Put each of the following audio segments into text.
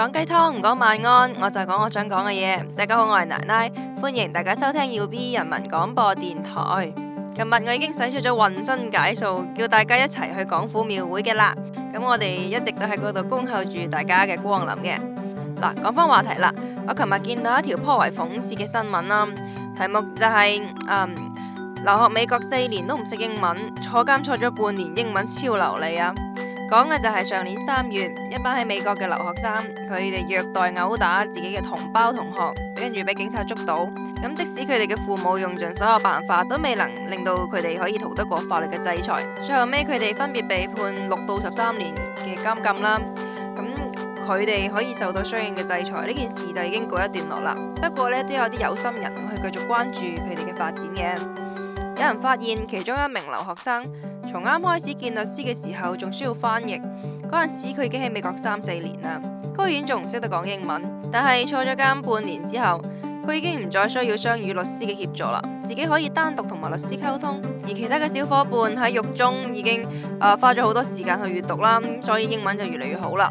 講雞湯唔講晚安，我就講我想講嘅嘢。大家好，我係奶奶，歡迎大家收聽 U B 人民廣播電台。琴日我已經使出咗渾身解數，叫大家一齊去廣府廟會嘅啦。咁我哋一直都喺嗰度恭候住大家嘅光臨嘅。嗱，講翻話題啦，我琴日見到一條頗為諷刺嘅新聞啦，題目就係、是、嗯，留學美國四年都唔識英文，坐監坐咗半年，英文超流利啊！講嘅就係上年三月，一班喺美國嘅留學生，佢哋虐待毆打自己嘅同胞同學，跟住俾警察捉到。咁即使佢哋嘅父母用盡所有辦法，都未能令到佢哋可以逃得過法律嘅制裁。最後尾，佢哋分別被判六到十三年嘅監禁啦。咁佢哋可以受到相應嘅制裁，呢件事就已經告一段落啦。不過呢，都有啲有心人去繼續關注佢哋嘅發展嘅。有人發現其中一名留學生，從啱開始見律師嘅時候，仲需要翻譯。嗰陣時佢已經喺美國三四年啦，居然仲唔識得講英文。但係坐咗監半年之後，佢已經唔再需要雙語律師嘅協助啦，自己可以單獨同埋律師溝通。而其他嘅小伙伴喺獄中已經啊、呃、花咗好多時間去閱讀啦，所以英文就越嚟越好啦。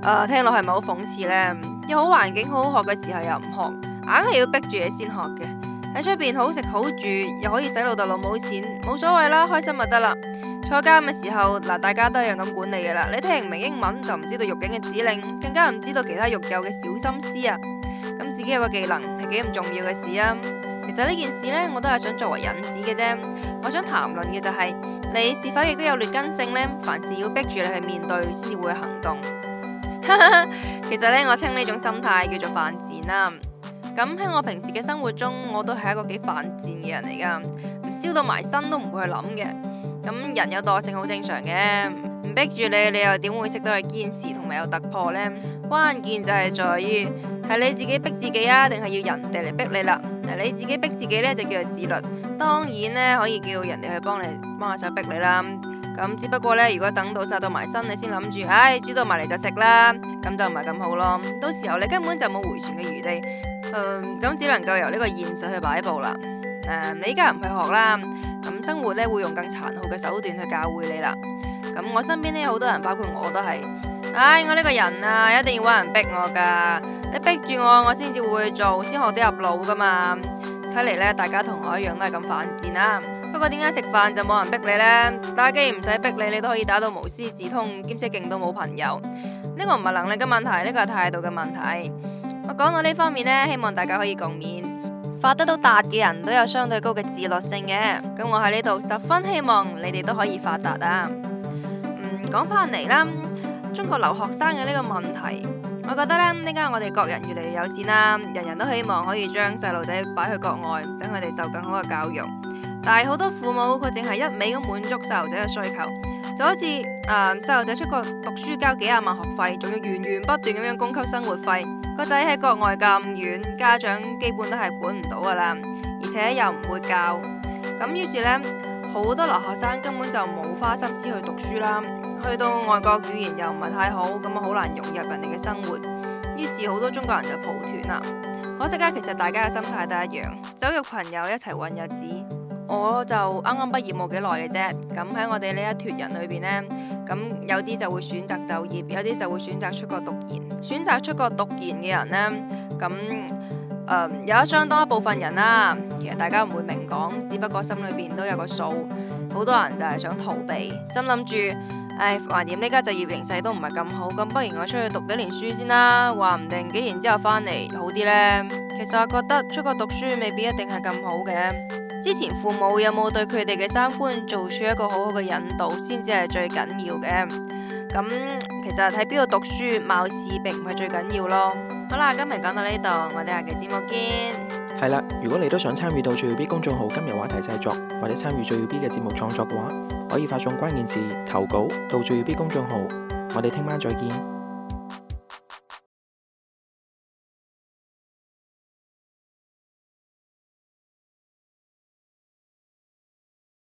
誒、呃，聽落係咪好諷刺呢？有好環境好好學嘅時候又唔學，硬係要逼住嘢先學嘅。喺出邊好食好住，又可以使老豆老母錢，冇所謂啦，開心咪得啦。坐監嘅時候嗱，大家都一樣咁管理噶啦。你聽唔明英文就唔知道獄警嘅指令，更加唔知道其他獄友嘅小心思啊。咁自己有個技能係幾咁重要嘅事啊。其實呢件事呢，我都係想作為引子嘅啫。我想談論嘅就係、是、你是否亦都有劣根性呢？凡事要逼住你去面對，先至會行動。 其實呢，我稱呢種心態叫做犯賤啦。咁喺我平時嘅生活中，我都係一個幾犯賤嘅人嚟噶，唔燒到埋身都唔會去諗嘅。咁人有惰性好正常嘅，唔逼住你，你又點會識得去堅持同埋有突破呢？關鍵就係在於係你自己逼自己啊，定係要人哋嚟逼你啦？嗱，你自己逼自己呢，就叫做自律，當然呢，可以叫人哋去幫你幫下手逼你啦。咁只不過呢，如果等到晒到埋身，你先諗住，唉、哎，煮到埋嚟就食啦，咁就唔係咁好咯。到時候你根本就冇回旋嘅餘地。嗯，咁，uh, 只能夠由呢個現實去擺布啦。誒,你依家唔去學啦，咁生活呢會用更殘酷嘅手段去教會你啦。咁我身邊呢好多人，包括我都係，唉、哎，我呢個人啊一定要搵人逼我噶，你逼住我，我先至會做，先學得入腦噶嘛。睇嚟呢，大家同我一樣都係咁犯賤啦。不過點解食飯就冇人逼你呢？打機唔使逼你，你都可以打到無師自通，兼且勁到冇朋友。呢，這個唔係能力嘅問題，呢，這個係態度嘅問題。我講到呢方面咧，希望大家可以共勉。發得到達嘅人都有相對高嘅自律性嘅。咁我喺呢度十分希望你哋都可以發達啊！嗯，講返嚟啦，中國留學生嘅呢個問題，我覺得呢，依家我哋國人越嚟越有錢啦，人人都希望可以將細路仔擺去國外，等佢哋受更好嘅教育。但係好多父母佢淨係一味咁滿足細路仔嘅需求，就好似誒，細路仔出國讀書交幾廿萬學費，仲要源源不斷咁樣供給生活費。個仔喺國外咁遠，家長基本都係管唔到噶啦，而且又唔會教，咁於是呢，好多留學生根本就冇花心思去讀書啦，去到外國語言又唔係太好，咁啊好難融入人哋嘅生活，於是好多中國人就抱團啦。可惜啊，其實大家嘅心態都一樣，走入朋友一齊混日子。我就啱啱畢業冇幾耐嘅啫，咁喺我哋呢一脫人裏邊呢，咁有啲就會選擇就業，有啲就會選擇出國讀研。選擇出國讀研嘅人呢，咁、呃、有相當一部分人啦、啊，其實大家唔會明講，只不過心裏邊都有個數。好多人就係想逃避，心諗住，唉，橫掂呢家就業形勢都唔係咁好，咁不如我出去讀幾年書先啦，話唔定幾年之後翻嚟好啲呢。其實我覺得出國讀書未必一定係咁好嘅。之前父母有冇對佢哋嘅三觀做出一個好好嘅引導，先至係最緊要嘅。咁其實喺邊度讀書，貌似並唔係最緊要咯。好啦，今日講到呢度，我哋下期節目見。係啦，如果你都想參與到最 U B 公眾號今日話題製作，或者參與最 U B 嘅節目創作嘅話，可以發送關鍵字投稿到最 U B 公眾號。我哋聽晚再見。